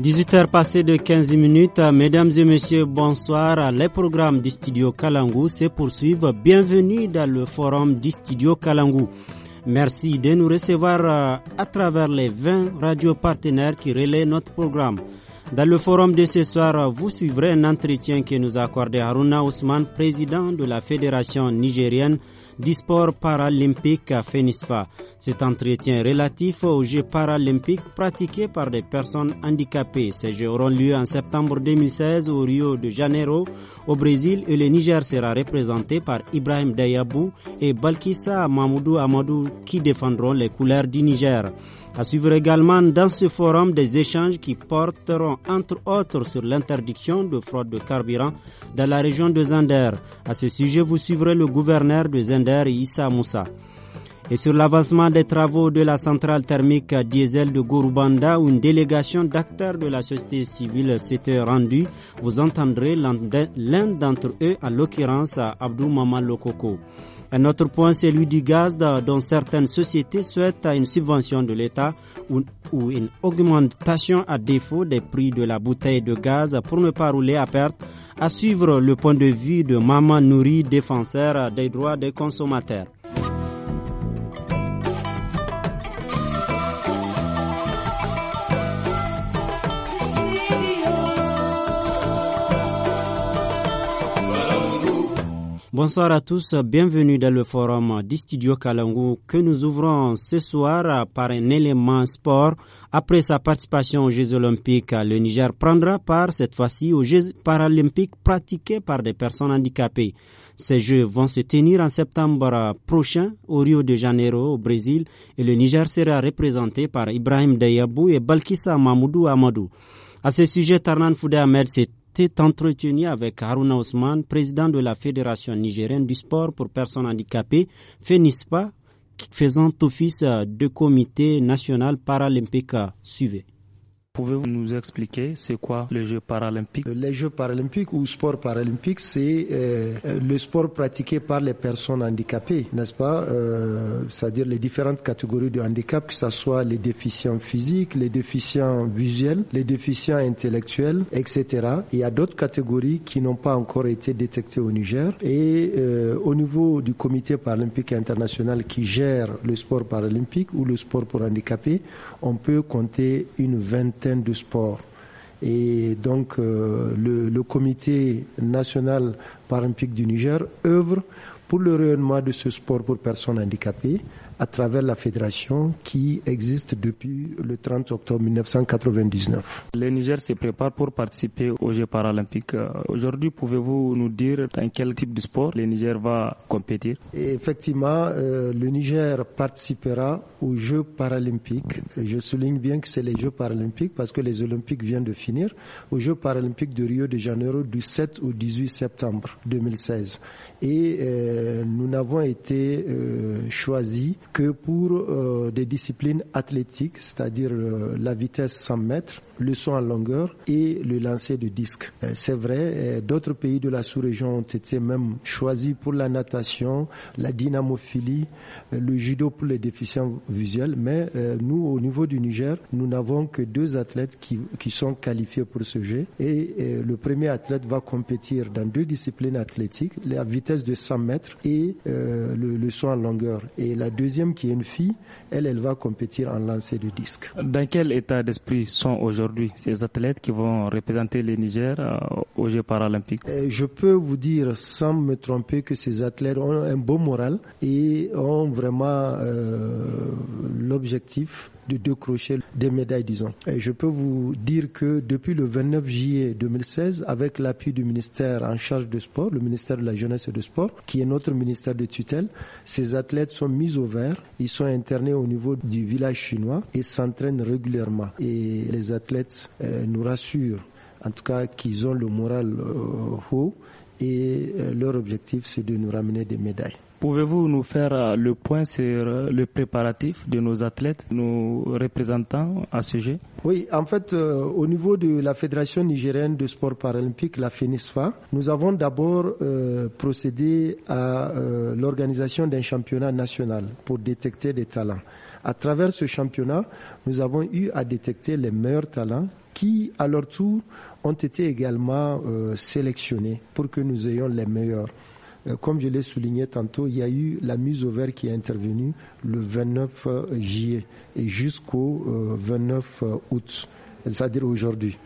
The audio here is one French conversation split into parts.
18h passées de 15 minutes, mesdames et messieurs, bonsoir. Les programmes du studio Kalangou se poursuivent. Bienvenue dans le forum du studio Kalangou. Merci de nous recevoir euh, à travers les 20 radios partenaires qui relaient notre programme. Dans le forum de ce soir, vous suivrez un entretien que nous a accordé Haruna Ousmane, président de la Fédération nigérienne Disport paralympique à FENISFA. Cet entretien relatif aux Jeux paralympiques pratiqués par des personnes handicapées. Ces Jeux auront lieu en septembre 2016 au Rio de Janeiro, au Brésil, et le Niger sera représenté par Ibrahim Dayabou et Balkissa Mamoudou Amadou qui défendront les couleurs du Niger. À suivre également dans ce forum des échanges qui porteront entre autres sur l'interdiction de fraude de carburant dans la région de Zender. À ce sujet, vous suivrez le gouverneur de Zender, Issa Moussa. Et sur l'avancement des travaux de la centrale thermique diesel de gourbanda où une délégation d'acteurs de la société civile s'était rendue, vous entendrez l'un d'entre eux, à l'occurrence Abdou Mamal Lokoko. Un autre point, c'est celui du gaz dont certaines sociétés souhaitent une subvention de l'État ou, une augmentation à défaut des prix de la bouteille de gaz pour ne pas rouler à perte, à suivre le point de vue de Maman nourrie défenseur des droits des consommateurs. Bonsoir à tous, bienvenue dans le forum du studio Kalangu que nous ouvrons ce soir par un élément sport. Après sa participation aux Jeux olympiques, le Niger prendra part cette fois-ci aux Jeux paralympiques pratiqués par des personnes handicapées. Ces Jeux vont se tenir en septembre prochain au Rio de Janeiro au Brésil et le Niger sera représenté par Ibrahim Dayabou et Balkissa Mamoudou Amadou. À ce sujet, Tarnan Foudé Ahmed s'est c'est entretenu avec Haruna Ousmane, président de la Fédération nigérienne du sport pour personnes handicapées, FENISPA, faisant office de comité national paralympique. Suivez. Pouvez-vous nous expliquer c'est quoi les Jeux paralympiques Les Jeux paralympiques ou sport paralympique, c'est euh, le sport pratiqué par les personnes handicapées, n'est-ce pas euh, C'est-à-dire les différentes catégories de handicap, que ce soit les déficients physiques, les déficients visuels, les déficients intellectuels, etc. Il y a d'autres catégories qui n'ont pas encore été détectées au Niger. Et euh, au niveau du comité paralympique international qui gère le sport paralympique ou le sport pour handicapés, on peut compter une vingtaine de sport. Et donc euh, le, le, comité national paralympique du Niger œuvre pour le rayonnement de ce sport pour personnes handicapées à travers la fédération qui existe depuis le 30 octobre 1999. Le Niger se prépare pour participer aux Jeux paralympiques. Euh, aujourd'hui, pouvez-vous nous dire dans quel type de sport le Niger va compétir Effectivement, euh, le Niger participera aux Jeux paralympiques. Je souligne bien que c'est les Jeux paralympiques parce que les Olympiques viennent de finir. Aux Jeux paralympiques de Rio de Janeiro du 7 au 18 septembre 2016. Et euh, nous n'avons été euh, choisis que pour euh, des disciplines athlétiques, c'est-à-dire euh, la vitesse 100 mètres, le son en longueur et le lancer de disque. Euh, c'est vrai, euh, d'autres pays de la sous-région ont été même choisis pour la natation, la dynamophilie, euh, le judo pour les déficients visuels, mais nous, au niveau du Niger, nous n'avons que deux athlètes qui, sont qualifiés pour ce jeu et, le premier athlète va compétir dans deux disciplines athlétiques, la vitesse de 100 mètres et le, le saut en longueur. Et la deuxième, qui est une fille, elle, elle va compétir en lancer de disque. Dans quel état d'esprit sont aujourd'hui ces athlètes qui vont représenter le Niger euh, aux Jeux paralympiques euh, Je peux vous dire sans me tromper que ces athlètes ont un bon moral et ont vraiment euh, l'objectif de décrocher des médailles, disons. Et je peux vous dire que depuis le 29 juillet 2016, avec l'appui du ministère en charge de sport, le ministère de la jeunesse et du sport, qui est notre ministère de tutelle, ces athlètes sont mis au vert, ils sont internés au niveau du village chinois et s'entraînent régulièrement. Et les athlètes euh, nous rassurent, en tout cas qu'ils ont le moral euh, haut et euh, leur objectif c'est de nous ramener des médailles. Pouvez-vous nous faire euh, le point sur euh, le préparatif de nos athlètes, nos représentants à ce sujet Oui, en fait, euh, au niveau de la Fédération nigérienne de sport paralympique, la FENISFA, nous avons d'abord procédé à l'organisation d'un championnat national pour détecter des talents. À travers ce championnat, nous avons eu à détecter les meilleurs talents qui, à leur tour, ont été également sélectionnés pour que nous ayons les meilleurs. Euh, comme je l'ai souligné tantôt, il y a eu la mise au vert qui est intervenue le 29 euh, juillet et jusqu'au 29 euh, août, c'est-à-dire aujourd'hui.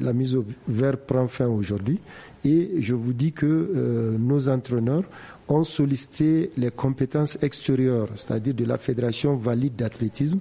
La mise au vert prend fin aujourd'hui et je vous dis que nos entraîneurs ont sollicité les compétences extérieures, c'est-à-dire de la Fédération valide d'athlétisme,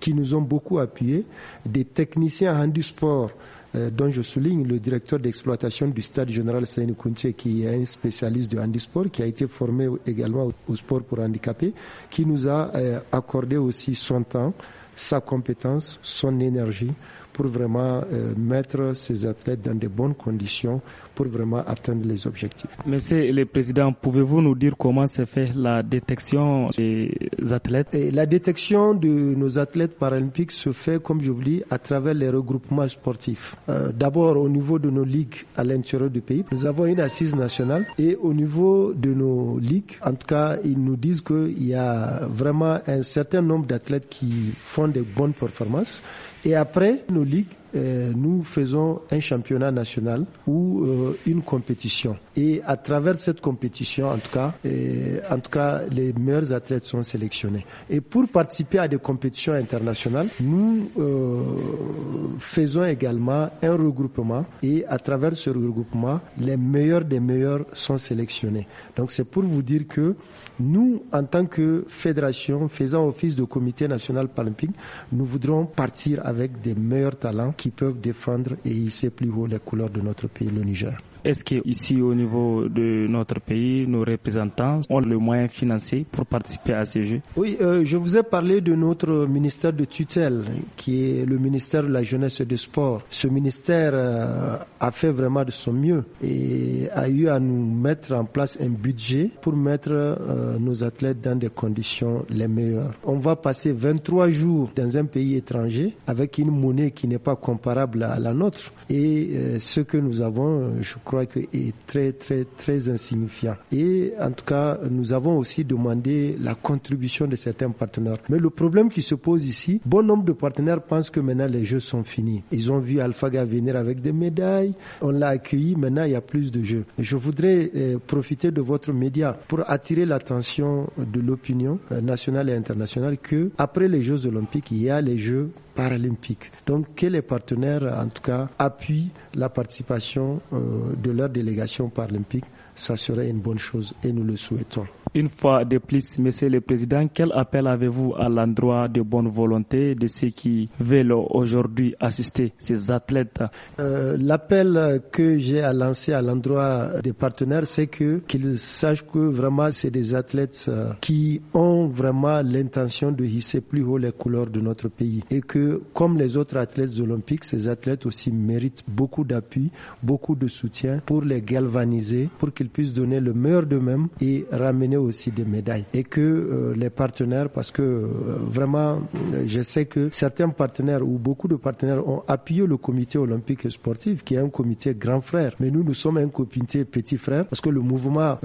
qui nous ont beaucoup appuyé, des techniciens handisport euh, dont je souligne le directeur d'exploitation du stade général Saïn Kounché, qui est un spécialiste de handisport, qui a été formé également au sport pour handicapés, qui nous a euh, accordé aussi son temps, sa compétence, son énergie pour vraiment euh, mettre ces athlètes dans de bonnes conditions pour vraiment atteindre les objectifs. Monsieur le Président, pouvez-vous nous dire comment se fait la détection des athlètes Et La détection de nos athlètes paralympiques se fait, comme j'oublie, à travers les regroupements sportifs. Euh, d'abord au niveau de nos ligues à l'intérieur du pays, nous avons une assise nationale et au niveau de nos ligues, en tout cas, ils nous disent qu'il y a vraiment un certain nombre d'athlètes qui font de bonnes performances. Et après nos ligues, euh, nous faisons un championnat national ou euh, une compétition. Et à travers cette compétition, en tout cas, euh, en tout cas, les meilleurs athlètes sont sélectionnés. Et pour participer à des compétitions internationales, nous faisons également un regroupement. Et à travers ce regroupement, les meilleurs des meilleurs sont sélectionnés. Donc c'est pour vous dire que nous, en tant que fédération faisant office de comité national paralympique, nous voudrons partir avec des meilleurs talents qui peuvent défendre et hisser plus haut les couleurs de notre pays, le Niger. Est-ce ici, au niveau de notre pays, nos représentants ont le moyen financier pour participer à ces Jeux Oui, euh, je vous ai parlé de notre ministère de tutelle, qui est le ministère de la Jeunesse et des Sports. Ce ministère euh, a fait vraiment de son mieux et a eu à nous mettre en place un budget pour mettre euh, nos athlètes dans des conditions les meilleures. On va passer 23 jours dans un pays étranger avec une monnaie qui n'est pas comparable à la nôtre. Et euh, ce que nous avons, je crois que est très, très, très insignifiant. Et en tout cas, nous avons aussi demandé la contribution de certains partenaires. Mais le problème qui se pose ici, bon nombre de partenaires pensent que maintenant les jeux sont finis. Ils ont vu AlphaGa venir avec des médailles, on l'a accueilli, maintenant il y a plus de jeux. Je voudrais euh, profiter de votre média pour attirer l'attention de l'opinion euh, nationale et internationale que après les Jeux olympiques, il y a les Jeux paralympique. Donc que les partenaires, en tout cas, appuient la participation euh, de leur délégation paralympique, ça serait une bonne chose et nous le souhaitons. Une fois de plus, Monsieur le Président, quel appel avez-vous à l'endroit de bonne volonté de ceux qui veulent aujourd'hui assister ces athlètes euh, L'appel que j'ai à lancer à l'endroit des partenaires, c'est que qu'ils sachent que vraiment c'est des athlètes euh, qui ont vraiment l'intention de hisser plus haut les couleurs de notre pays et que comme les autres athlètes olympiques, ces athlètes aussi méritent beaucoup d'appui, beaucoup de soutien pour les galvaniser, pour qu'ils puissent donner le meilleur d'eux-mêmes et ramener aussi des médailles et que euh, les partenaires, parce que euh, vraiment, euh, je sais que certains partenaires ou beaucoup de partenaires ont appuyé le comité olympique sportif, qui est un comité grand frère, mais nous, nous sommes un comité petit frère, parce que le mouvement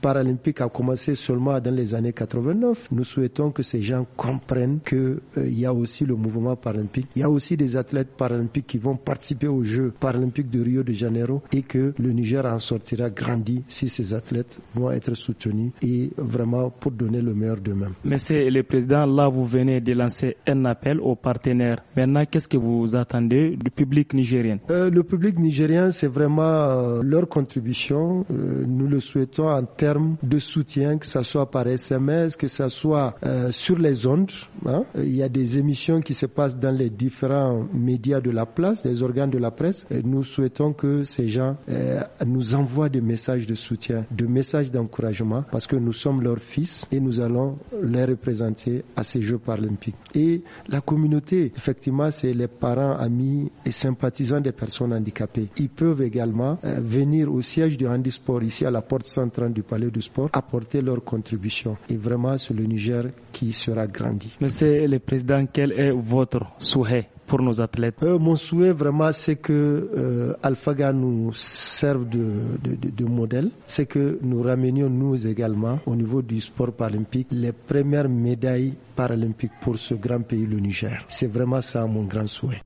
paralympique a commencé seulement dans les années 89. Nous souhaitons que ces gens comprennent que il y a aussi le mouvement paralympique, il y a aussi des athlètes paralympiques qui vont participer aux Jeux paralympiques de Rio de Janeiro et que le Niger en sortira grandi si ces athlètes vont être soutenus et vraiment pour donner le meilleur d'eux-mêmes. Monsieur le Président, là, vous venez de lancer un appel aux partenaires. Maintenant, qu'est-ce que vous attendez du public nigérien euh, Le public nigérien, c'est vraiment euh, leur contribution. Euh, nous le souhaitons en termes de soutien, que ce soit par SMS, que ce soit sur les ondes. Hein. Il y a des émissions qui se passent dans les différents médias de la place, des organes de la presse. Et nous souhaitons que ces gens nous envoient des messages de soutien, des messages d'encouragement, parce que que nous sommes leurs fils et nous allons les représenter à ces Jeux paralympiques. Et la communauté, effectivement, c'est les parents, amis et sympathisants des personnes handicapées. Ils peuvent également euh, venir au siège du handisport, ici à la porte centrale du Palais du Sport, apporter leur contribution. Et vraiment, c'est le Niger qui sera grandi. Monsieur le Président, quel est votre souhait pour nos athlètes euh, Mon souhait vraiment, c'est que euh, AlphaGa nous serve de, modèle, c'est que nous ramenions nous également au niveau du sport paralympique les premières médailles paralympiques pour ce grand pays, le Niger. C'est vraiment ça mon grand souhait.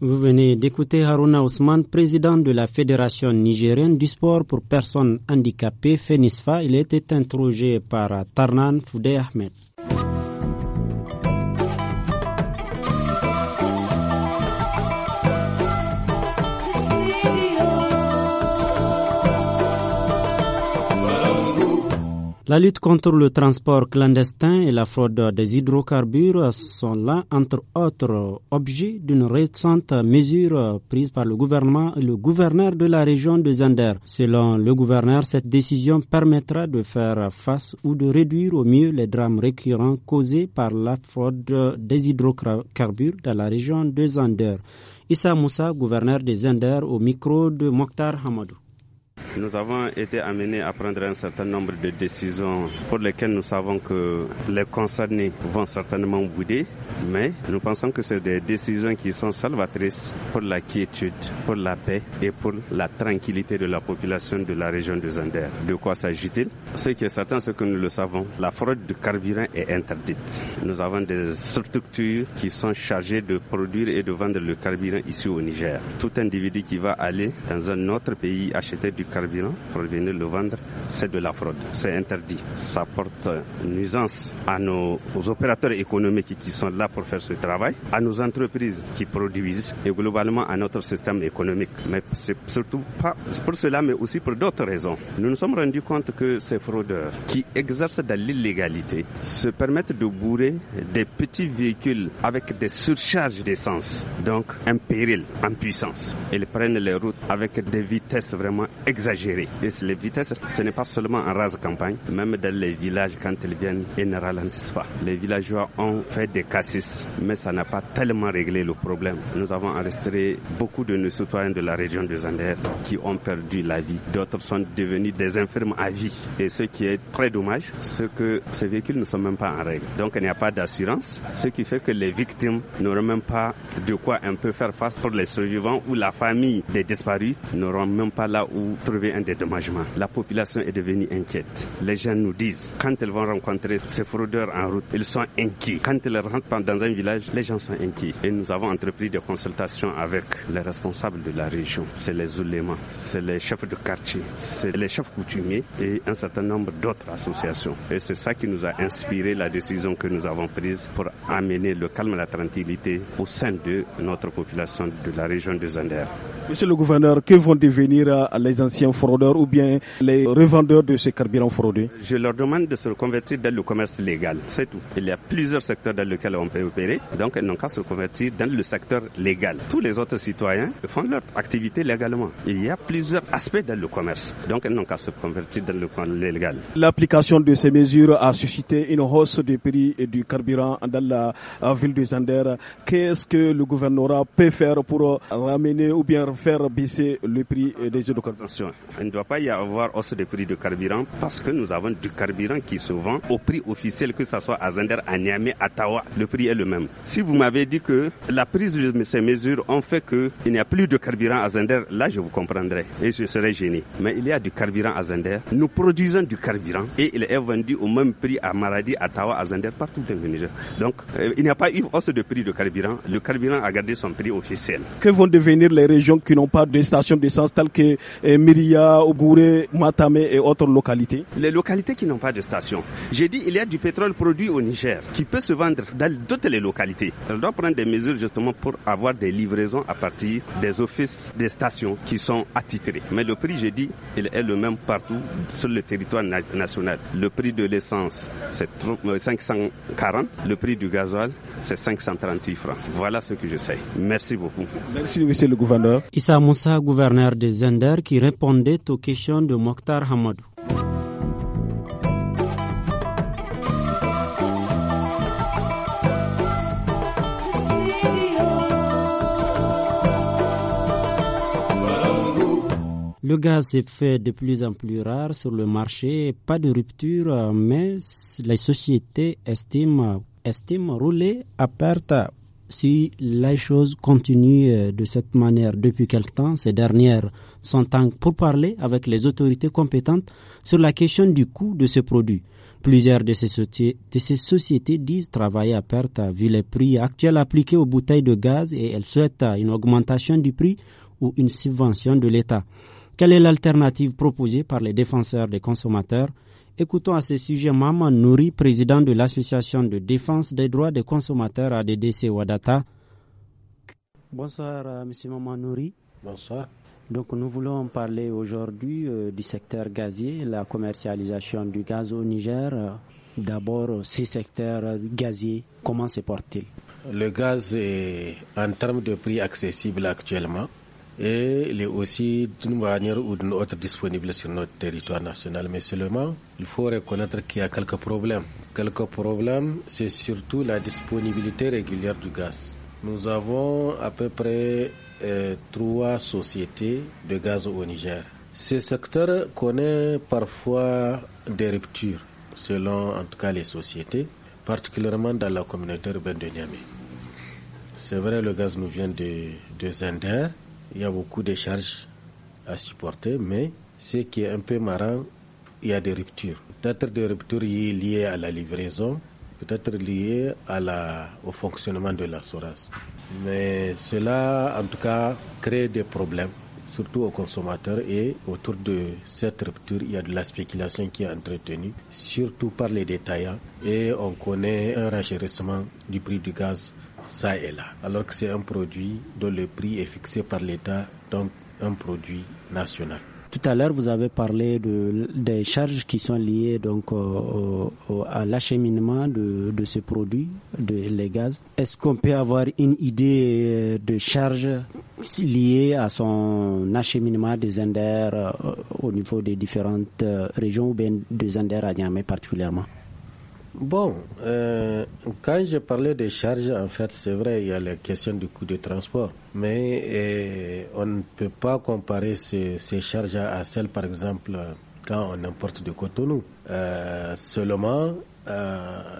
Vous venez d'écouter Haruna Ousmane, président de la Fédération nigérienne du sport pour personnes handicapées, FENISFA. Il était été interrogé par Tarnan Foudé Ahmed. La lutte contre le transport clandestin et la fraude des hydrocarbures sont là, entre autres, objets d'une récente mesure prise par le gouvernement et le gouverneur de la région de Zander. Selon le gouverneur, cette décision permettra de faire face ou de réduire au mieux les drames récurrents causés par la fraude des hydrocarbures dans la région de Zander. Issa Moussa, gouverneur de Zander, au micro de Mokhtar Hamadou. Nous avons été amenés à prendre un certain nombre de décisions pour lesquelles nous savons que les concernés vont certainement bouder, mais nous pensons que c'est des décisions qui sont salvatrices pour la quiétude, pour la paix et pour la tranquillité de la population de la région de Zander. De quoi s'agit-il Ce qui est certain, c'est que nous le savons, la fraude de carburant est interdite. Nous avons des structures qui sont chargées de produire et de vendre le carburant ici au Niger. Tout individu qui va aller dans un autre pays acheter du carburant pour venir le vendre, c'est de la fraude. C'est interdit. Ça porte nuisance à nos opérateurs économiques qui sont là pour faire ce travail, à nos entreprises qui produisent et globalement à notre système économique. Mais c'est surtout pas pour cela, mais aussi pour d'autres raisons. Nous nous sommes rendus compte que ces fraudeurs qui exercent de l'illégalité se permettent de bourrer des petits véhicules avec des surcharges d'essence, donc un péril en puissance. Ils prennent les routes avec des vitesses vraiment exagérées gérer. Et les vitesses, ce n'est pas seulement en rase campagne, même dans les villages, quand ils viennent, ils ne ralentissent pas. Les villageois ont fait des cassis, mais ça n'a pas tellement réglé le problème. Nous avons arrêté beaucoup de nos citoyens de la région de Zander qui ont perdu la vie. D'autres sont devenus des infirmes à vie. Et ce qui est très dommage, c'est que ces véhicules ne sont même pas en règle. Donc il n'y a pas d'assurance, ce qui fait que les victimes n'auront même pas de quoi un peu faire face pour les survivants ou la famille des disparus n'auront même pas là où trouver un dédommagement. La population est devenue inquiète. Les gens nous disent, quand elles vont rencontrer ces fraudeurs en route, ils sont inquiets. Quand ils rentrent dans un village, les gens sont inquiets. Et nous avons entrepris des consultations avec les responsables de la région. C'est les oulémas, c'est les chefs de quartier, c'est les chefs coutumiers et un certain nombre d'autres associations. Et c'est ça qui nous a inspiré la décision que nous avons prise pour amener le calme et la tranquillité au sein de notre population de la région de Zander. Monsieur le gouverneur, que vont devenir euh, les anciens fraudeurs ou bien les revendeurs de ces carburants fraudés Je leur demande de se convertir dans le commerce légal, c'est tout. Il y a plusieurs secteurs dans lesquels on peut opérer, donc elles n'ont qu'à se convertir dans le secteur légal. Tous les autres citoyens font leur activité légalement. Il y a plusieurs aspects dans le commerce, donc elles n'ont qu'à se convertir dans le commerce légal. L'application de ces mesures a suscité une hausse des prix du carburant dans la euh, ville de Zander. Qu'est-ce que le gouvernement peut faire pour euh, ramener ou bien faire baisser le prix euh, des hydrocarbures de il ne doit pas y avoir hausse de prix de carburant parce que nous avons du carburant qui se vend au prix officiel, que ce soit à Zender, à Niamey, à Tawa, le prix est le même. Si vous m'avez dit que la prise de ces mesures ont fait qu'il n'y a plus de carburant à Zender, là je vous comprendrai et je serais gêné. Mais il y a du carburant à Zender. Nous produisons du carburant et il est vendu au même prix à Maradi, à Tawa, à Zender, partout dans le Niger. Donc euh, il n'y a pas eu hausse de prix de carburant. Le carburant a gardé son prix officiel. Que vont devenir les régions qui n'ont pas de stations d'essence telles que euh, a Ogure, Matame et autres localités Les localités qui n'ont pas de station. J'ai dit il y a du pétrole produit au Niger qui peut se vendre dans d'autres localités. On doit prendre des mesures justement pour avoir des livraisons à partir des offices des stations qui sont attitrées. Mais le prix, j'ai dit, il est le même partout sur le territoire national. Le prix de l'essence, c'est 540. Euh, le prix du gasoil, c'est 538 francs. Voilà ce que je sais. Merci beaucoup. Merci, monsieur le gouverneur. Issa Moussa, gouverneur des Zender, qui répond de Mokhtar Le gaz s'est fait de plus en plus rare sur le marché, pas de rupture, mais les sociétés estiment, estiment rouler à perte si les choses continuent euh, de cette manière depuis quelque temps, ces dernières sont en pour parler avec les autorités compétentes sur la question du coût de ce produit. Plusieurs de ces, de ces sociétés disent travailler à perte vu les prix actuels appliqués aux bouteilles de gaz et elles souhaitent euh, une augmentation du prix ou une subvention de l'État. Quelle est l'alternative proposée par les défenseurs des consommateurs Écoutons à ce sujet Maman Nouri, président de l'Association de défense des droits des consommateurs ADDC Wadata. Bonsoir, euh, monsieur Maman Nouri. Bonsoir. Donc nous voulons parler aujourd'hui euh, du secteur gazier, la commercialisation du gaz au Niger. D'abord, ce secteur gazier, comment se porte-t-il Le gaz est en termes de prix accessible actuellement et il est aussi d'une manière ou d'une autre disponible sur notre territoire national. Mais seulement, il faut reconnaître qu'il y a quelques problèmes. Quelques problèmes, c'est surtout la disponibilité régulière du gaz. Nous avons à peu près euh, trois sociétés de gaz au Niger. Ce secteur connaît parfois des ruptures, selon en tout cas les sociétés, particulièrement dans la communauté urbaine de Niamey. C'est vrai, le gaz nous vient de, de Zender, il y a beaucoup de charges à supporter, mais ce qui est un peu marrant, il y a des ruptures. Peut-être des ruptures liées à la livraison, peut-être liées à la, au fonctionnement de la SORAS. Mais cela, en tout cas, crée des problèmes, surtout aux consommateurs. Et autour de cette rupture, il y a de la spéculation qui est entretenue, surtout par les détaillants. Et on connaît un rachérissement du prix du gaz ça est là. Alors que c'est un produit dont le prix est fixé par l'État, donc un produit national. Tout à l'heure, vous avez parlé des charges qui sont liées donc à l'acheminement de, de ce produit, de, les gaz. Est-ce qu'on peut avoir une idée euh, de charges liées à son acheminement des Zender euh, au niveau des différentes euh, régions ou bien des Zender à Niamey particulièrement Bon, euh, quand je parlais des charges, en fait, c'est vrai, il y a la question du coût de transport. Mais euh, on ne peut pas comparer ces, charges à celles, par exemple, quand on importe du Cotonou. Euh, seulement,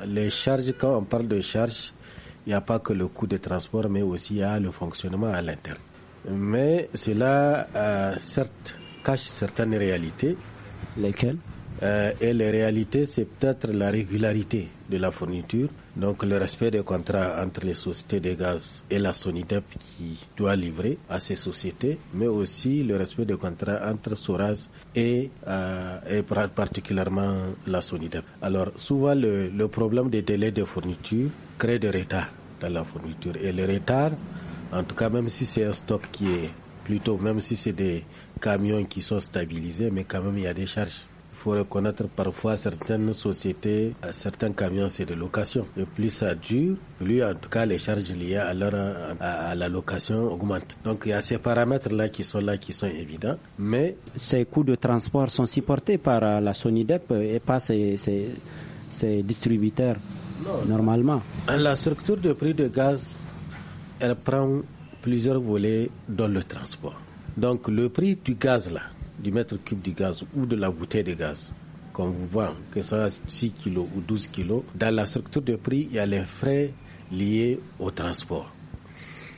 les charges, quand on parle de charges, il n'y a pas que le coût de transport, mais aussi le fonctionnement à l'interne. Mais cela, certes, cache certaines réalités. Lesquelles euh, et les réalité, c'est peut-être la régularité de la fourniture, donc le respect des contrats entre les sociétés de gaz et la Sonitep qui doit livrer à ces sociétés, mais aussi le respect des contrats entre Soraz et, euh, et particulièrement la Sonitep. Alors souvent le, le problème des délais de fourniture crée des retards dans la fourniture et les retards, en tout cas même si c'est un stock qui est plutôt, même si c'est des camions qui sont stabilisés, mais quand même il y a des charges il faut reconnaître parfois certaines sociétés, euh, certains camions, c'est de location. Et plus ça dure, plus en tout cas les charges liées euh, à, la location augmentent. Donc il y a ces paramètres-là qui sont là, qui sont évidents. Mais ces coûts de transport sont supportés par euh, la Sonidep et pas ces distributeurs normalement. La structure de prix de gaz, elle prend plusieurs volets dans le transport. Donc le prix du gaz là, du mètre cube du gaz ou de la bouteille de gaz comme vous voyez, que ça soit 6 kg ou 12 kg, dans la structure de prix, il y a les frais liés au transport.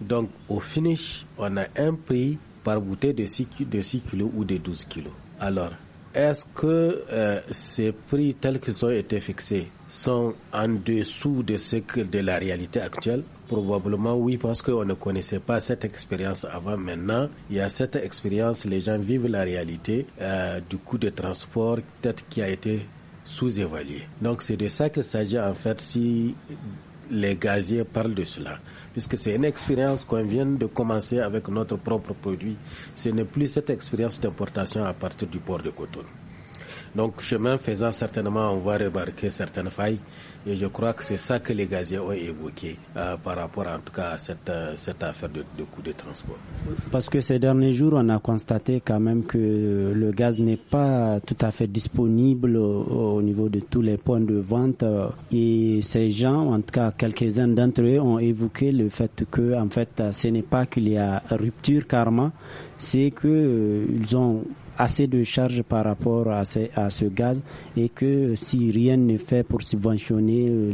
Donc au finish, on a un prix par bouteille de 6, de 6 kg ou de 12 kg. Alors, est-ce que euh, ces prix tels qu'ils ont été fixés sont en dessous de ce de la réalité actuelle Probablement oui, parce qu'on ne connaissait pas cette expérience avant. Maintenant, il y a cette expérience, les gens vivent la réalité euh, du coût de transport peut-être qui a été sous-évalué. Donc c'est de ça qu'il s'agit en fait si les gaziers parlent de cela, puisque c'est une expérience qu'on vient de commencer avec notre propre produit. Ce n'est plus cette expérience d'importation à partir du port de Cotonou. Donc, chemin faisant, certainement, on va remarquer certaines failles. Et je crois que c'est ça que les gaziers ont évoqué euh, par rapport, en tout cas, à cette, euh, affaire de, de coût de transport. Parce que ces derniers jours, on a constaté quand même que le gaz n'est pas tout à fait disponible au, niveau de tous les points de vente. Et ces gens, en tout cas, quelques-uns d'entre eux, ont évoqué le fait que, en fait, ce n'est pas qu'il y a rupture carrément, c'est qu'ils euh, ils ont assez de charges par rapport à, à ce gaz et que si rien n'est fait pour subventionner euh,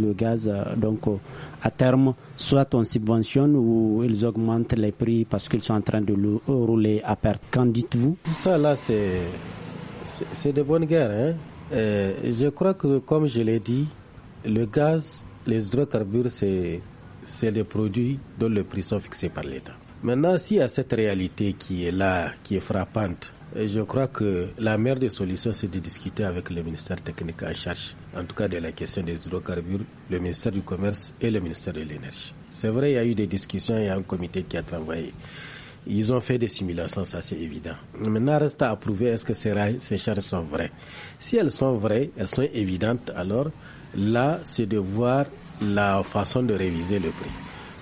le gaz, euh, donc euh, à terme, soit on subventionne ou ils augmentent les prix parce qu'ils sont en train de rouler à perte. Qu'en dites-vous Ça, là, c'est de bonne guerre. Hein. je crois que, comme je l'ai dit, le gaz, les hydrocarbures, c'est des produits dont les prix sont fixés par l'État. Maintenant, s'il y a cette réalité qui est là, qui est frappante, euh, je crois que la meilleure des solutions, c'est de discuter avec le ministère technique en charge, en tout cas de la question des hydrocarbures, le ministère du Commerce et le ministère de l'Énergie. C'est vrai, il y a eu des discussions, il y a un comité qui a travaillé. Ils ont fait des simulations, ça c'est évident. Maintenant, reste à prouver est-ce que ces, ces charges sont vraies. Si elles sont vraies, elles sont évidentes, alors là, c'est de voir la façon de réviser le prix.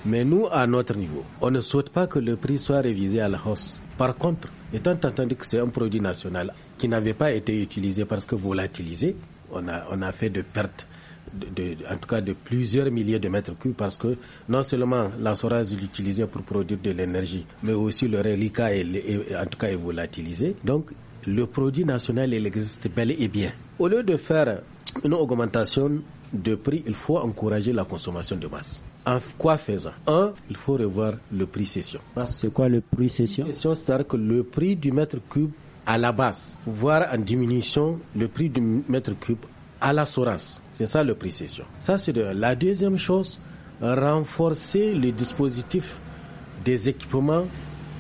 Mais nous, à notre niveau, on ne souhaite pas que le prix soit révisé à la hausse. Par contre, étant entendu que c'est un produit national qui n'avait pas été utilisé parce que volatilisé, on a, on a fait de pertes, de, en tout cas de plusieurs milliers de mètres cubes, parce que non seulement la est l'utilisait pour produire de l'énergie, mais aussi le reliquat est, en tout cas est volatilisé. Donc, le produit national, il existe bel et bien. Au lieu de faire une augmentation de prix, il faut encourager la consommation de masse. En quoi faisant Un, il faut revoir le prix cession. C'est quoi le prix cession c'est-à-dire que le prix du mètre cube à la base, voire en diminution le prix du mètre cube à la source. C'est ça le prix cession. Ça, c'est de... La deuxième chose, renforcer le dispositif des équipements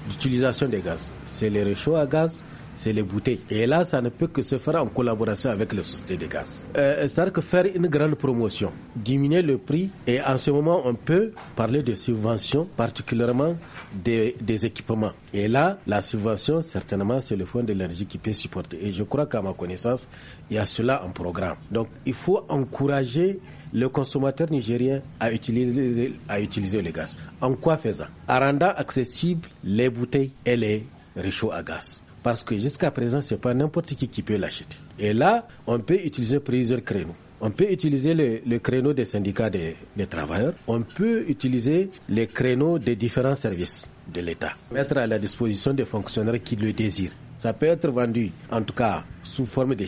d'utilisation des gaz. C'est les réchauds à gaz, c'est les bouteilles. Et là, ça ne peut que se faire en collaboration avec les sociétés de gaz. Euh, C'est-à-dire que faire une grande promotion, diminuer le prix, et en ce moment, on peut parler de subventions, particulièrement des, des équipements. Et là, la subvention, certainement, c'est le fonds d'énergie qui peut supporter. Et je crois qu'à ma connaissance, il y a cela en programme. Donc, il faut encourager le consommateur nigérien à utiliser à utiliser le gaz. En quoi faisant En rendant accessibles les bouteilles et les réchauds à gaz. Parce que jusqu'à présent, ce n'est pas n'importe qui qui peut l'acheter. Et là, on peut utiliser plusieurs créneaux. On peut utiliser le, créneau des syndicats des, travailleurs. On peut utiliser les créneaux des différents services de l'État. Mettre à la disposition des fonctionnaires qui le désirent. Ça peut être vendu, en tout cas, sous forme de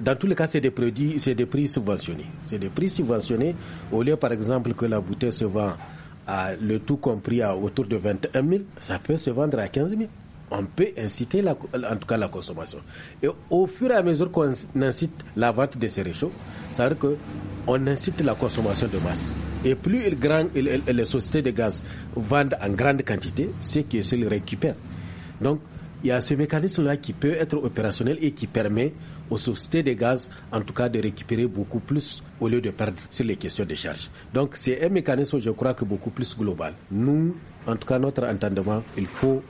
Dans tous les cas, c'est des produits, c'est des prix subventionnés. C'est des prix subventionnés au lieu, par exemple, que la bouteille se vend à le tout compris à autour de 21 000, ça peut se vendre à 15 000 on peut inciter en tout cas la consommation. Et au fur et à mesure qu'on incite la vente de ces réchauds, ça veut dire qu'on incite la consommation de masse. Et plus grand, les sociétés de gaz vendent en grande quantité, c'est qu'ils récupèrent. Donc, il y a ce mécanisme-là qui peut être opérationnel et qui permet aux sociétés de gaz, en tout cas, de récupérer beaucoup plus au lieu de perdre sur les questions de charges. Donc, c'est un mécanisme, je crois, que beaucoup plus global. Nous, en tout cas, notre entendement, il faut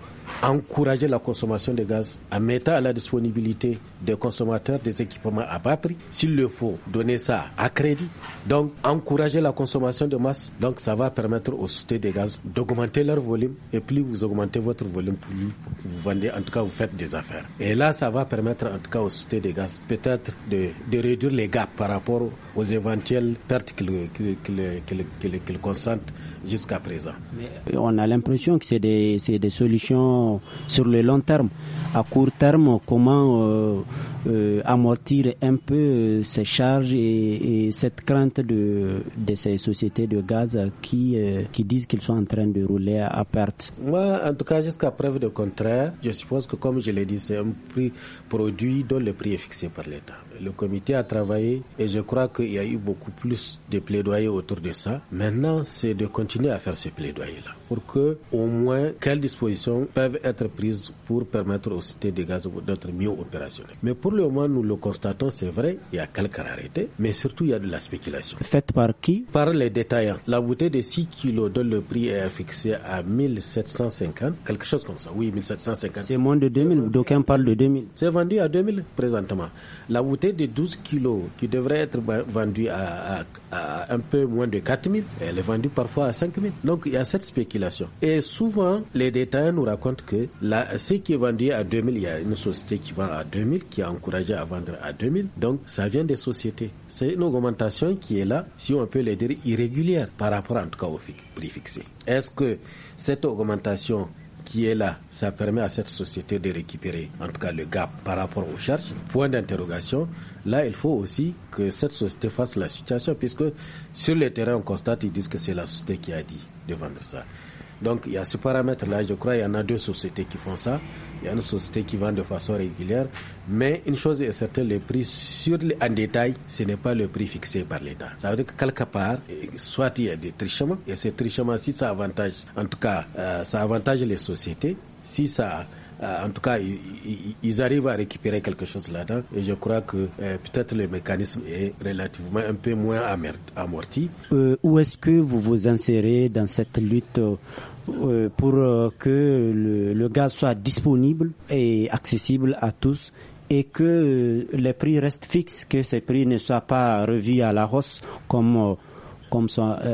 encourager la consommation de gaz en mettant à la disponibilité des consommateurs des équipements à bas prix. S'il le faut, donner ça à crédit. Donc, encourager la consommation de masse. Donc, ça va permettre aux sociétés de gaz d'augmenter leur volume. Et plus vous augmentez votre volume, plus vous vendez, en tout cas, vous faites des affaires. Et là, ça va permettre, en tout cas, aux sociétés de gaz, peut-être de, de, réduire les gaps par rapport aux éventuelles pertes qu'ils consentent jusqu'à présent. on a l'impression que c'est des, des solutions sur le long terme. À court terme, comment euh, euh, amortir un peu euh, ces charges et, cette crainte de, de, ces sociétés de gaz qui, euh, qui disent qu'ils sont en train de rouler à perte Moi, en tout cas, jusqu'à preuve de contraire, je suppose que, comme je l'ai dit, c'est un prix produit dont le prix est fixé par l'État. Le comité a travaillé et je crois qu'il y a eu beaucoup plus de plaidoyers autour de ça. Maintenant, c'est de continuer à faire ce plaidoyer-là pour que, au moins, quelles dispositions peuvent être prises pour permettre aux sociétés de gaz d'être mieux opérationnelles. Mais pour pour le moment, nous le constatons, c'est vrai, il y a quelques rarités, mais surtout il y a de la spéculation. Faite par qui Par les détaillants. La bouteille de 6 kilos dont le prix est fixé à 1750, quelque chose comme ça, oui, 1750. C'est moins de 2000, d'aucuns parlent de 2000. C'est vendu à 2000 présentement. La bouteille de 12 kilos qui devrait être vendue à, un peu moins de 4000, elle est vendue parfois à 5000. Donc il y a cette spéculation. Et souvent, les détaillants nous racontent que la, ce qui est vendu à 2000, il y a une société qui vend à 2000 qui a Encouragé à vendre à 2000. Donc, ça vient des sociétés. C'est une augmentation qui est là, si on peut le dire, irrégulière par rapport en tout cas au prix fixé. Est-ce que cette augmentation qui est là, ça permet à cette société de récupérer en tout cas le gap par rapport aux charges. Point d'interrogation. Là, il faut aussi que cette société fasse la situation, puisque sur le terrain, on constate, ils disent que c'est la société qui a dit de vendre ça. Donc, il y a ce paramètre-là, je crois, il y en a deux sociétés qui font ça. Il y a une société qui vend de façon régulière. Mais une chose est certaine, le prix en détail, ce n'est pas le prix fixé par l'État. Ça veut dire que quelque part, soit il y a des trichements, et ces trichements, si ça avantage, en tout cas, euh, ça avantage les sociétés, si ça euh, en tout cas, ils, arrivent à récupérer quelque chose là-dedans. Et je crois que euh, peut-être le mécanisme est relativement un peu moins amorti. où est-ce que vous vous insérez dans cette lutte euh, pour euh, que le, gaz soit disponible et accessible à tous et que euh, les prix restent fixes, que ces prix ne soient pas revus à la hausse comme comme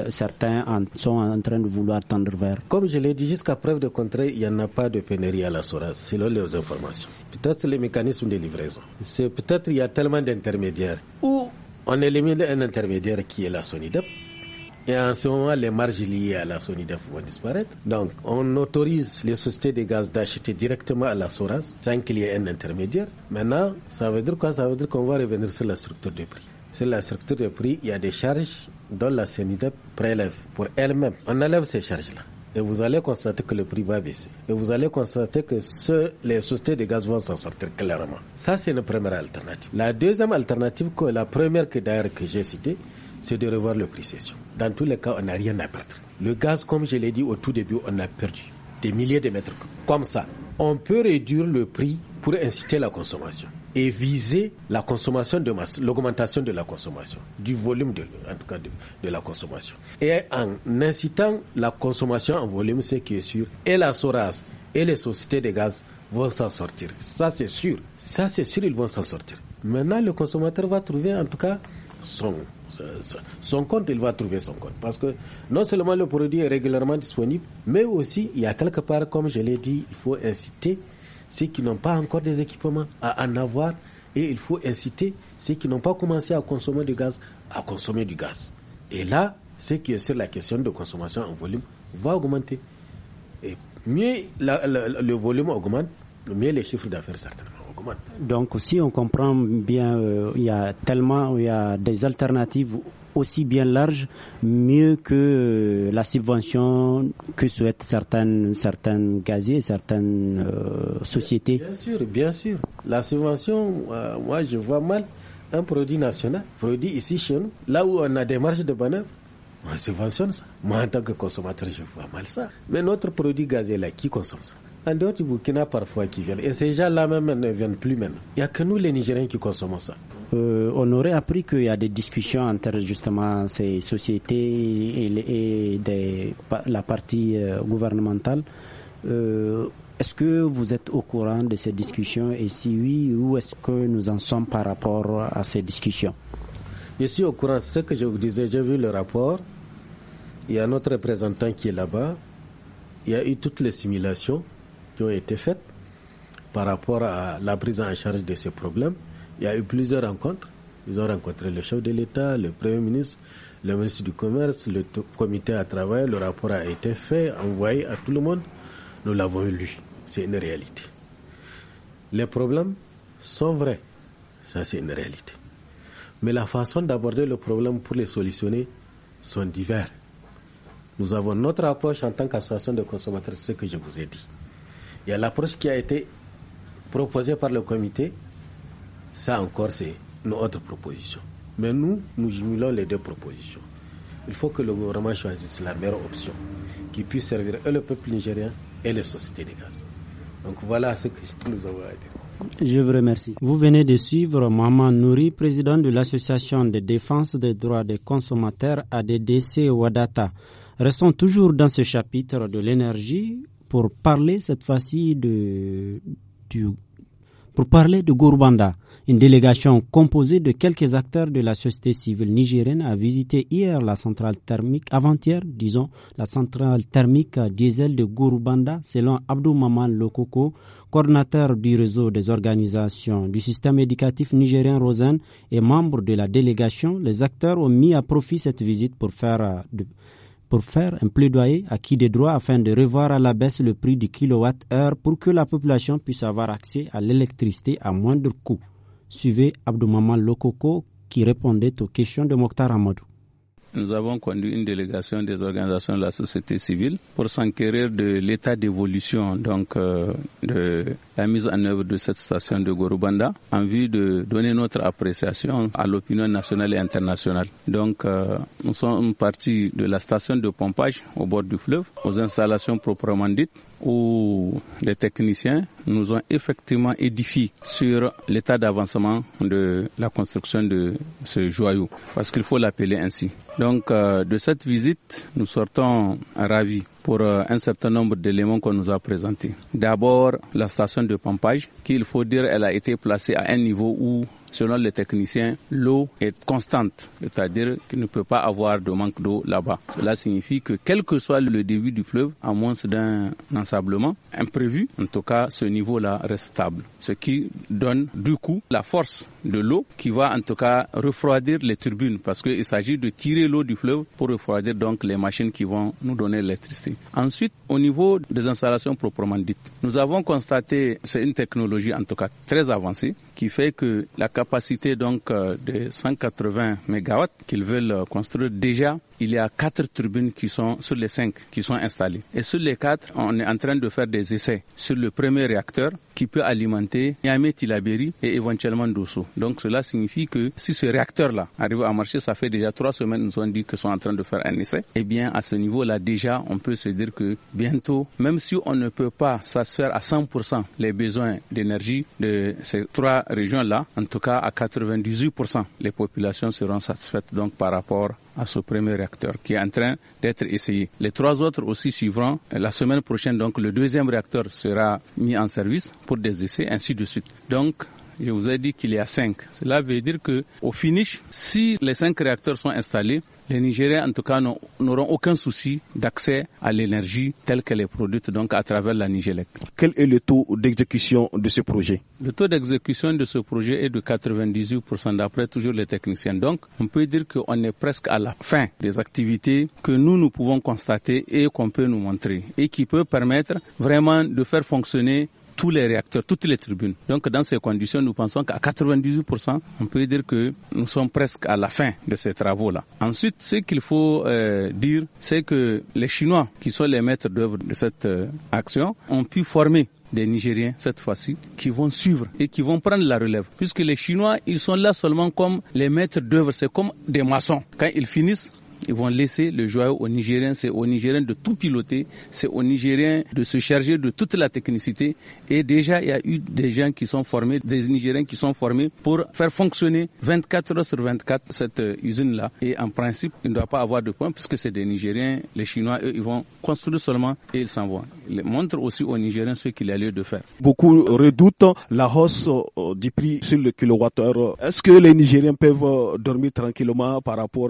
certains sont en train de vouloir tendre vers. Comme je l'ai dit, jusqu'à preuve de contraire, il n'y en a pas de pénurie à la Soras, selon les informations. Peut-être c'est les mécanismes de livraison. peut-être il y a tellement d'intermédiaires. Ou on élimine un intermédiaire qui est la Sonidep et en ce moment, les marges liées à la SONIDEF vont disparaître. Donc, on autorise les sociétés de gaz d'acheter directement à la SORAS sans qu'il y ait un intermédiaire. Maintenant, ça veut dire quoi Ça veut dire qu'on va revenir sur la structure des prix. Sur la structure des prix, il y a des charges dont la SONIDEF prélève pour elle-même. On enlève ces charges-là et vous allez constater que le prix va baisser. Et vous allez constater que ce, les sociétés de gaz vont s'en sortir clairement. Ça, c'est une première alternative. La deuxième alternative, la première que que j'ai citée, c'est de revoir le prix session dans tous les cas, on n'a rien à perdre. Le gaz, comme je l'ai dit au tout début, on a perdu des milliers de mètres comme ça. On peut réduire le prix pour inciter la consommation et viser la consommation de masse, l'augmentation de la consommation, du volume de, en tout cas de, la consommation. Et en incitant la consommation en volume, ce qui est sûr, et la SORAS et les sociétés de gaz vont s'en sortir. Ça c'est sûr. Ça c'est sûr, ils vont s'en sortir. Maintenant, le consommateur va trouver en tout cas son son compte, il va trouver son compte. Parce que non seulement le produit est régulièrement disponible, mais aussi, il y a quelque part, comme je l'ai dit, il faut inciter ceux qui n'ont pas encore des équipements à en avoir et il faut inciter ceux qui n'ont pas commencé à consommer du gaz à consommer du gaz. Et là, c'est qui sur la question de consommation en volume va augmenter. Et mieux le volume augmente, mieux les chiffres d'affaires certainement. Donc si on comprend bien, euh, il y a tellement, il y a des alternatives aussi bien larges, mieux que euh, la subvention que souhaitent certaines, certaines gaziers, certaines euh, sociétés. Bien sûr, bien sûr. La subvention, moi je vois mal un produit national, produit ici chez nous, là où on a des marges de manœuvre. On subventionne ça. Moi, en tant que consommateur, je vois mal ça. Mais notre produit gazier là, qui consomme ça en dehors du Burkina parfois qui viennent. Et ces gens-là même ne viennent plus même. Il n'y a que nous les Nigériens qui consommons ça. Euh, on aurait appris qu'il y a des discussions entre justement ces sociétés et, des, la partie euh, gouvernementale. Euh, est-ce que vous êtes au courant de ces discussions et si oui, où est-ce que nous en sommes par rapport à ces discussions Je suis au courant. Ce que je vous disais, j'ai vu le rapport. Il y a notre représentant qui est là-bas. Il y a eu toutes les simulations qui ont été faites par rapport à la prise en charge de ces problèmes. Il y a eu plusieurs rencontres. Ils ont rencontré le chef de l'État, le Premier ministre, le ministre du Commerce, le comité à travail, le rapport a été fait, envoyé à tout le monde. Nous l'avons lu. C'est une réalité. Les problèmes sont vrais. Ça, c'est une réalité. Mais la façon d'aborder le problème pour les solutionner sont divers Nous avons notre approche en tant qu'association de consommateurs, c'est ce que je vous ai dit. Il y a l'approche qui a été proposée par le comité. Ça encore, c'est une autre proposition. Mais nous, nous jumelons les deux propositions. Il faut que le gouvernement choisisse la meilleure option qui puisse servir le peuple nigérien et les sociétés de gaz. Donc voilà ce que nous avons à dire. Je vous remercie. Vous venez de suivre Maman Nouri, président de l'Association de défense des droits des consommateurs ADDC Wadata. Restons toujours dans ce chapitre de l'énergie pour parler cette fois-ci de, du, pour parler de Gourbanda. Une délégation composée de quelques acteurs de la société civile nigérienne a visité hier la centrale thermique, avant-hier, disons, la centrale thermique diesel de Gourbanda, selon Abdou Maman Lokoko, coordinateur du réseau des organisations du système éducatif nigérien Rosen et membre de la délégation. Les acteurs ont mis à profit cette visite pour faire euh, pour faire un plaidoyer à qui des droits afin de revoir à la baisse le prix du kilowatt-heure pour que la population puisse avoir accès à l'électricité à moindre coût. Suivez Abdoumaman Lokoko qui répondait aux questions de Mokhtar Amadou nous avons conduit une délégation des organisations de la société civile pour s'enquérir de l'état d'évolution donc euh, de la mise en œuvre de cette station de Gorubanda en vue de donner notre appréciation à l'opinion nationale et internationale. Donc euh, nous sommes partis de la station de pompage au bord du fleuve aux installations proprement dites où les techniciens nous ont effectivement édifié sur l'état d'avancement de la construction de ce joyau, parce qu'il faut l'appeler ainsi. Donc euh, de cette visite, nous sortons ravis pour euh, un certain nombre d'éléments qu'on nous a présentés. D'abord, la station de pompage, qu'il faut dire, elle a été placée à un niveau où Selon les techniciens, l'eau est constante, c'est-à-dire qu'il ne peut pas avoir de manque d'eau là-bas. Cela signifie que quel que soit le début du fleuve, à moins d'un ensablement imprévu, en tout cas ce niveau-là reste stable. Ce qui donne du coup la force de l'eau qui va en tout cas refroidir les turbines parce qu'il s'agit de tirer l'eau du fleuve pour refroidir donc les machines qui vont nous donner l'électricité. Ensuite, au niveau des installations proprement dites, nous avons constaté, c'est une technologie en tout cas très avancée, qui fait que la capacité donc euh, de 180 MW qu'ils veulent euh, construire déjà, il y a quatre turbines qui sont sur les cinq qui sont installées. Et sur les quatre, on est en train de faire des essais sur le premier réacteur qui peut alimenter Niamey, Tilaberi et éventuellement Dosso. Donc cela signifie que si ce réacteur-là arrive à marcher, ça fait déjà trois semaines nous ont dit qu'ils sont en train de faire un essai. Eh bien, à ce niveau-là, déjà, on peut se dire que bientôt, même si on ne peut pas satisfaire à 100% les besoins d'énergie de ces trois région-là, en tout cas à 98%, les populations seront satisfaites donc par rapport à ce premier réacteur qui est en train d'être essayé. Les trois autres aussi suivront. La semaine prochaine, donc, le deuxième réacteur sera mis en service pour des essais, ainsi de suite. Donc, je vous ai dit qu'il y a cinq. Cela veut dire que, au finish, si les cinq réacteurs sont installés, les Nigériens, en tout cas, n'auront aucun souci d'accès à l'énergie telle qu'elle est produite donc à travers la Nigélec. Quel est le taux d'exécution de ce projet Le taux d'exécution de ce projet est de 98% d'après toujours les techniciens. Donc, on peut dire qu'on est presque à la fin des activités que nous, nous pouvons constater et qu'on peut nous montrer et qui peut permettre vraiment de faire fonctionner tous les réacteurs, toutes les tribunes. Donc dans ces conditions, nous pensons qu'à 98%, on peut dire que nous sommes presque à la fin de ces travaux-là. Ensuite, ce qu'il faut euh, dire, c'est que les Chinois, qui sont les maîtres d'œuvre de cette euh, action, ont pu former des Nigériens cette fois-ci qui vont suivre et qui vont prendre la relève. Puisque les Chinois, ils sont là seulement comme les maîtres d'œuvre, c'est comme des maçons. Quand ils finissent, ils vont laisser le joyau aux Nigériens. C'est aux Nigériens de tout piloter, c'est aux Nigériens de se charger de toute la technicité. Et déjà, il y a eu des gens qui sont formés, des Nigériens qui sont formés pour faire fonctionner 24 heures sur 24 cette euh, usine-là. Et en principe, il ne doit pas avoir de points puisque c'est des Nigériens. Les Chinois, eux, ils vont construire seulement et ils s'en vont. Ils montrent aussi aux Nigériens ce qu'il a lieu de faire. Beaucoup redoutent la hausse euh, du prix sur le kilowattheure. Est-ce que les Nigériens peuvent euh, dormir tranquillement par rapport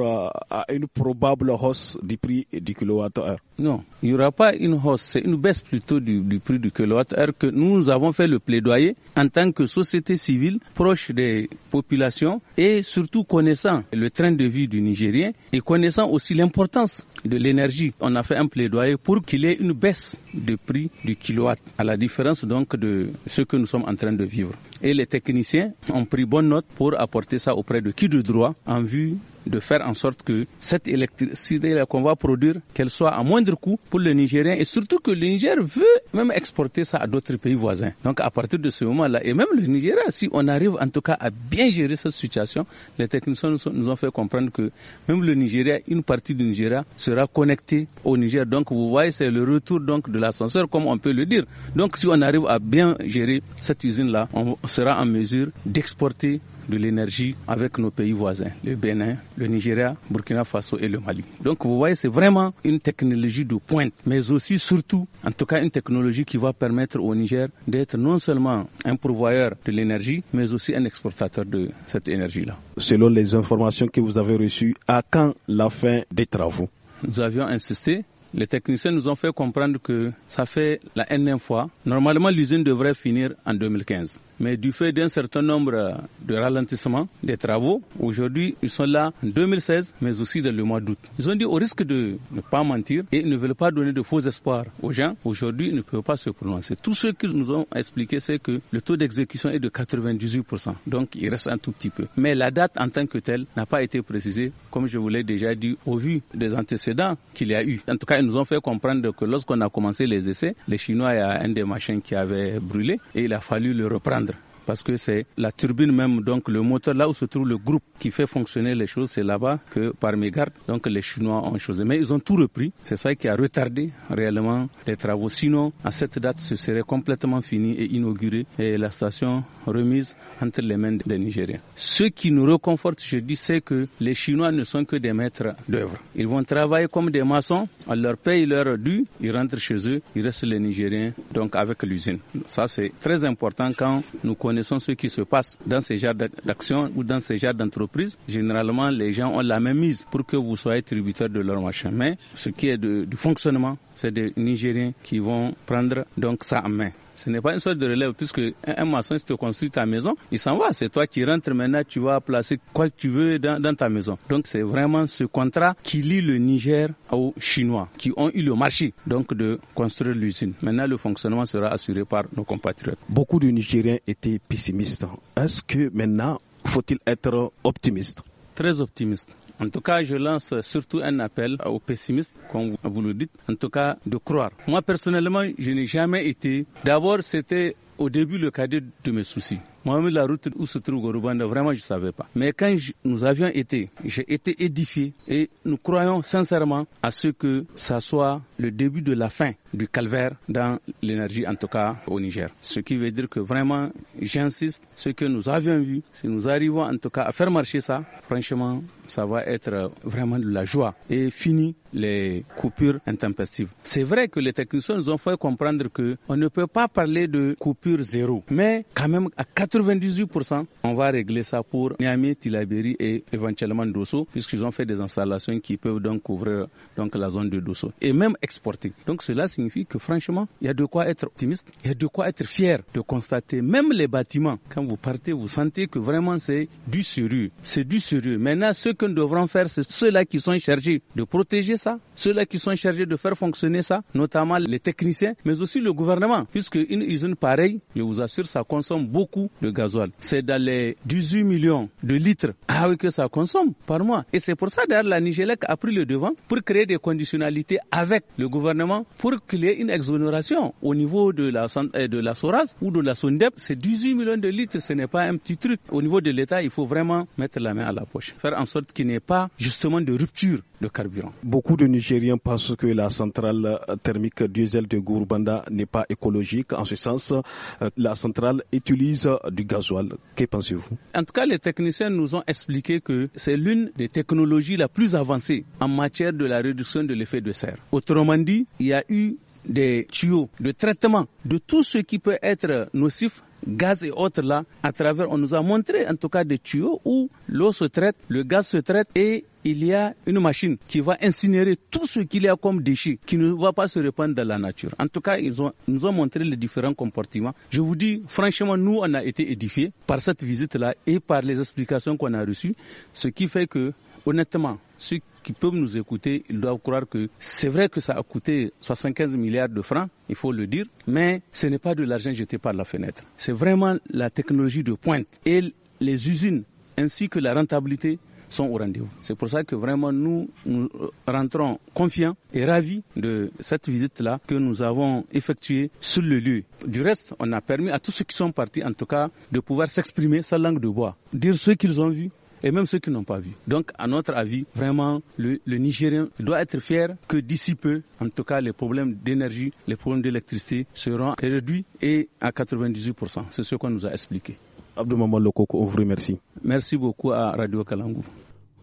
à une probable hausse du prix du kilowattheure Non, il n'y aura pas une hausse, c'est une baisse plutôt du, prix du kilowattheure que nous, avons fait le plaidoyer en tant que société civile proche des populations et surtout connaissant le train de vie du Nigérien et connaissant aussi l'importance de l'énergie. On a fait un plaidoyer pour qu'il y ait une baisse du prix du kilowatt, à la différence donc de ce que nous sommes en train de vivre. Et les techniciens ont pris bonne note pour apporter ça auprès de qui de droit en vue de faire en sorte que cette électricité qu'on va produire, qu'elle soit à moindre coût pour le Nigérien et surtout que le Niger veut même exporter ça à d'autres pays voisins. Donc à partir de ce moment-là, et même le Nigeria, si on arrive en tout cas à bien gérer cette situation, les techniciens nous, ont fait comprendre que même le Nigeria, une partie du Nigeria sera connectée au Niger. Donc vous voyez, c'est le retour donc de l'ascenseur, comme on peut le dire. Donc si on arrive à bien gérer cette usine-là, on sera en mesure d'exporter de l'énergie avec nos pays voisins, le Bénin, le Nigeria, Burkina Faso et le Mali. Donc vous voyez, c'est vraiment une technologie de pointe, mais aussi surtout, en tout cas, une technologie qui va permettre au Niger d'être non seulement un pourvoyeur de l'énergie, mais aussi un exportateur de cette énergie-là. Selon les informations que vous avez reçues, à quand la fin des travaux Nous avions insisté les techniciens nous ont fait comprendre que ça fait la énième fois. Normalement, l'usine devrait finir en 2015 mais du fait d'un certain nombre de ralentissements des travaux, aujourd'hui, ils sont là en 2016, mais aussi dans le mois d'août. Ils ont dit au risque de ne pas mentir et ne veulent pas donner de faux espoirs aux gens. Aujourd'hui, ils ne peuvent pas se prononcer. Tout ce qu'ils nous ont expliqué, c'est que le taux d'exécution est de 98%. Donc, il reste un tout petit peu. Mais la date en tant que telle n'a pas été précisée, comme je vous l'ai déjà dit, au vu des antécédents qu'il y a eu. En tout cas, ils nous ont fait comprendre que lorsqu'on a commencé les essais, les Chinois, il y a un des machines qui avait brûlé et il a fallu le reprendre parce que c'est la turbine même, donc le moteur, là où se trouve le groupe qui fait fonctionner les choses, c'est là-bas que par mégarde, donc les Chinois ont choisi. Mais ils ont tout repris. C'est ça qui a retardé réellement les travaux. Sinon, à cette date, ce serait complètement fini et inauguré et la station remise entre les mains des Nigériens. Ce qui nous reconforte, je dis, c'est que les Chinois ne sont que des maîtres d'œuvre. Ils vont travailler comme des maçons, on leur paye leur dû, ils rentrent chez eux, ils restent les Nigériens, donc avec l'usine. Ça, c'est très important quand nous connaissons sont ce qui se passe dans ces genres d'action ou dans ces jardins d'entreprise. Généralement, les gens ont la même mise pour que vous soyez tributaire de leur machin. Mais ce qui est du fonctionnement, c'est des Nigériens qui vont prendre donc ça en main. Ce n'est pas une sorte de relève, puisque un, maçon, il tu construit ta maison, il s'en va. C'est toi qui rentres maintenant, tu vas placer quoi que tu veux dans, ta maison. Donc c'est vraiment ce contrat qui lie le Niger aux Chinois, qui ont eu le marché donc de construire l'usine. Maintenant, le fonctionnement sera assuré par nos compatriotes. Beaucoup de Nigériens étaient pessimistes. Est-ce que maintenant, faut-il être optimiste Très optimiste. En tout cas, je lance surtout un appel aux pessimistes, comme vous le dites, en tout cas de croire. Moi, personnellement, je n'ai jamais été. D'abord, c'était au début le cadet de mes soucis. Moi-même, la route où se trouve Gorubanda, vraiment, je ne savais pas. Mais quand nous avions été, j'ai été édifié et nous croyons sincèrement à ce que ça soit le début de la fin du calvaire dans l'énergie, en tout cas au Niger. Ce qui veut dire que vraiment, j'insiste, ce que nous avions vu, si nous arrivons en tout cas à faire marcher ça, franchement, ça va être vraiment de la joie et fini les coupures intempestives. C'est vrai que les techniciens nous ont fait comprendre que on ne peut pas parler de coupure zéro, mais quand même à quatre. 98%, on va régler ça pour Niamey, Tilaberi et éventuellement Dosso, puisqu'ils ont fait des installations qui peuvent donc couvrir donc, la zone de Dosso et même exporter. Donc cela signifie que franchement, il y a de quoi être optimiste, il y a de quoi être fier de constater même les bâtiments. Quand vous partez, vous sentez que vraiment c'est du sérieux. C'est du sérieux. Maintenant, ce que nous devrons faire, c'est ceux-là qui sont chargés de protéger ça, ceux-là qui sont chargés de faire fonctionner ça, notamment les techniciens, mais aussi le gouvernement, puisque une usine pareille, je vous assure, ça consomme beaucoup de gasoil. C'est dans les 18 millions de litres ah oui, que ça consomme par mois. Et c'est pour ça d'ailleurs la Nigélec a pris le devant pour créer des conditionnalités avec le gouvernement pour créer une exonération au niveau de la, euh, de la SORAS ou de la SONDEB. Ces 18 millions de litres, ce n'est pas un petit truc. Au niveau de l'État, il faut vraiment mettre la main à la poche, faire en sorte qu'il n'y ait pas justement de rupture de carburant. Beaucoup de Nigériens pensent que la centrale euh, thermique diesel de Gourbanda n'est pas écologique. En ce sens, euh, la centrale utilise du gasoil. Que pensez-vous En tout cas, les techniciens nous ont expliqué que c'est l'une des technologies la plus avancée en matière de la réduction de l'effet de serre. Autrement dit, il y a eu des tuyaux de traitement de tout ce qui peut être nocif gaz et autres là, à travers, on nous a montré en tout cas des tuyaux où l'eau se traite, le gaz se traite et il y a une machine qui va incinérer tout ce qu'il y a comme déchets qui ne va pas se répandre dans la nature. En tout cas, ils, ont, nous ont montré les différents comportements. Je vous dis, franchement, nous, on a été édifiés par cette visite-là et par les explications qu'on a reçues, ce qui fait que, honnêtement, ce qui peuvent nous écouter, ils doivent croire que c'est vrai que ça a coûté 75 milliards de francs, il faut le dire, mais ce n'est pas de l'argent jeté par la fenêtre. C'est vraiment la technologie de pointe et les usines ainsi que la rentabilité sont au rendez-vous. C'est pour ça que vraiment nous, nous euh, rentrons confiants et ravis de cette visite-là que nous avons effectuée sur le lieu. Du reste, on a permis à tous ceux qui sont partis, en tout cas, de pouvoir s'exprimer sa langue de bois, dire ce qu'ils ont vu, et même ceux qui n'ont pas vu. Donc, à notre avis, vraiment, le, Nigérien doit être fier que d'ici peu, en tout cas, les problèmes d'énergie, les problèmes d'électricité seront réduits et à 98%. C'est ce qu'on nous a expliqué. Abdou Mamal Lokoko, on vous remercie. Merci beaucoup à Radio Kalangou.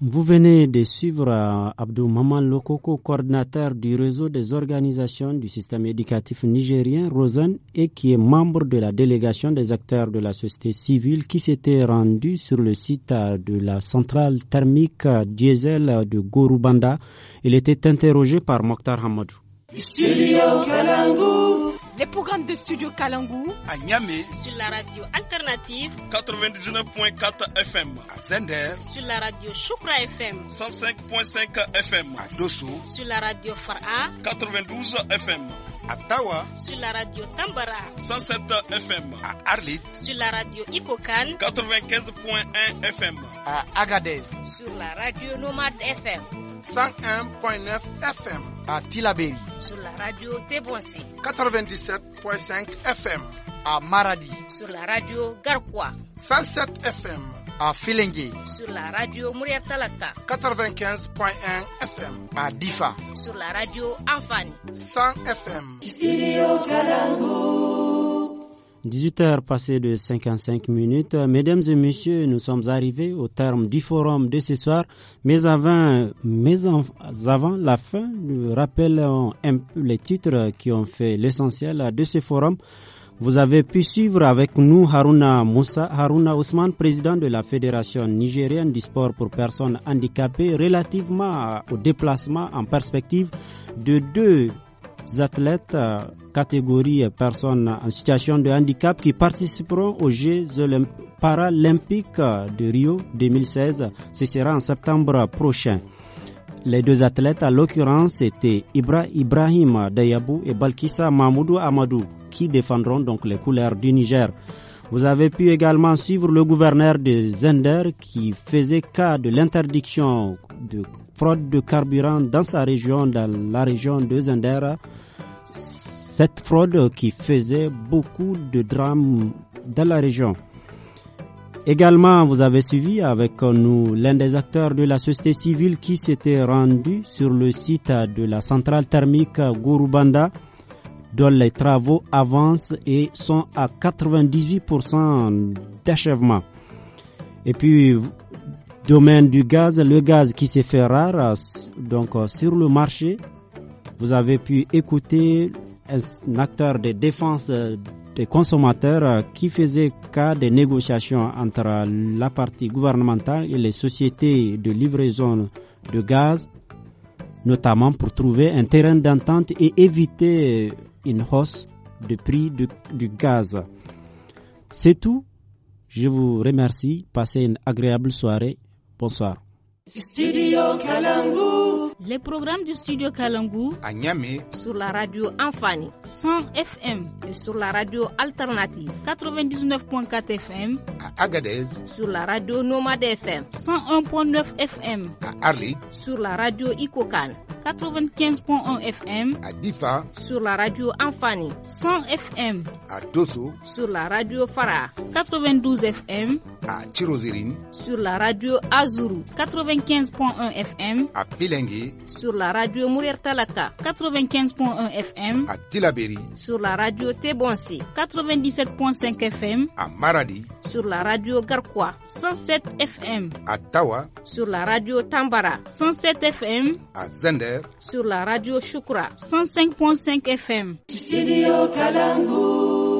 Vous venez de suivre euh, Abdou Maman Lokoko, coordinateur du réseau des organisations du système éducatif nigérien, Rosen, et qui est membre de la délégation des acteurs de la société civile qui s'était rendu sur le site euh, de la centrale thermique euh, diesel de Gorubanda. Il était interrogé par Mokhtar Hamadou les programmes de Studio Kalangu à Niamey sur la radio alternative 99.4 FM à Zender sur la radio Choukra FM 105.5 FM à Dosso sur la radio Fara 92 FM à Tawa sur la radio Tambara 107 FM à Arlit sur la radio Ikokan 95.1 FM à Agadez sur la radio Nomade FM 101.9 FM à Tilaberi sur la radio Tebonsi 97.5 FM à Maradi sur la radio Garkwa 107 FM à Filengi. Sur la radio Muria 95.1 FM à Difa. Sur la radio Anfani. 100 FM. Studio Kalangu. 18h passées de 55 minutes. Mesdames et messieurs, nous sommes arrivés au terme du forum de ce soir. Mais avant, mais avant la fin, nous rappelons les titres qui ont fait l'essentiel de ce forum. Vous avez pu suivre avec nous Haruna Haruna Ousmane, président de la Fédération nigérienne du sport pour personnes handicapées, relativement au déplacement en perspective de deux athlètes euh, catégorie personnes en situation de handicap qui participeront aux Jeux paralympiques de Rio 2016. Ce sera en septembre prochain. Les deux athlètes, à l'occurrence, étaient Ibra Ibrahim Dayabou et Balkissa Mahmoudou Amadou, qui défendront donc les couleurs du Niger. Vous avez pu également suivre le gouverneur de Zender qui faisait cas de l'interdiction de fraude de carburant dans sa région, dans la région de Zender. Cette fraude qui faisait beaucoup de drames dans la région. Également, vous avez suivi avec nous l'un des acteurs de la société civile qui s'était rendu sur le site de la centrale thermique Gurubanda dont les travaux avancent et sont à 98% d'achèvement. Et puis, domaine du gaz, le gaz qui s'est fait rare donc, sur le marché, vous avez pu écouter un acteur de défense des consommateurs euh, qui faisaient cas des négociations entre euh, la partie gouvernementale et les sociétés de livraison de gaz, notamment pour trouver un terrain d'entente et éviter euh, une hausse de prix du, gaz. C'est tout. Je vous remercie. Passez une agréable soirée. Bonsoir. Studio les programmes du studio Kalangou à Niamey sur la radio Enfani 100 FM et sur la radio Alternative 99.4 FM à Agadez sur la radio Nomade FM 101.9 FM à Arlit sur la radio Ikokan 95.1 FM à Difa sur la radio Enfani 100 FM à Dosso sur la radio Farah 92 FM à Tirozirine sur la radio Azuru 95.1 FM à Filengi sur la radio Mourir Talaka 95.1 FM à Tilaberi sur la radio Tebonsi 97.5 FM à Maradi sur la radio Garkwa 107 FM à Tawa sur la radio Tambara 107 FM à Zender sur la radio Shukra 105.5 FM Studio Kalangou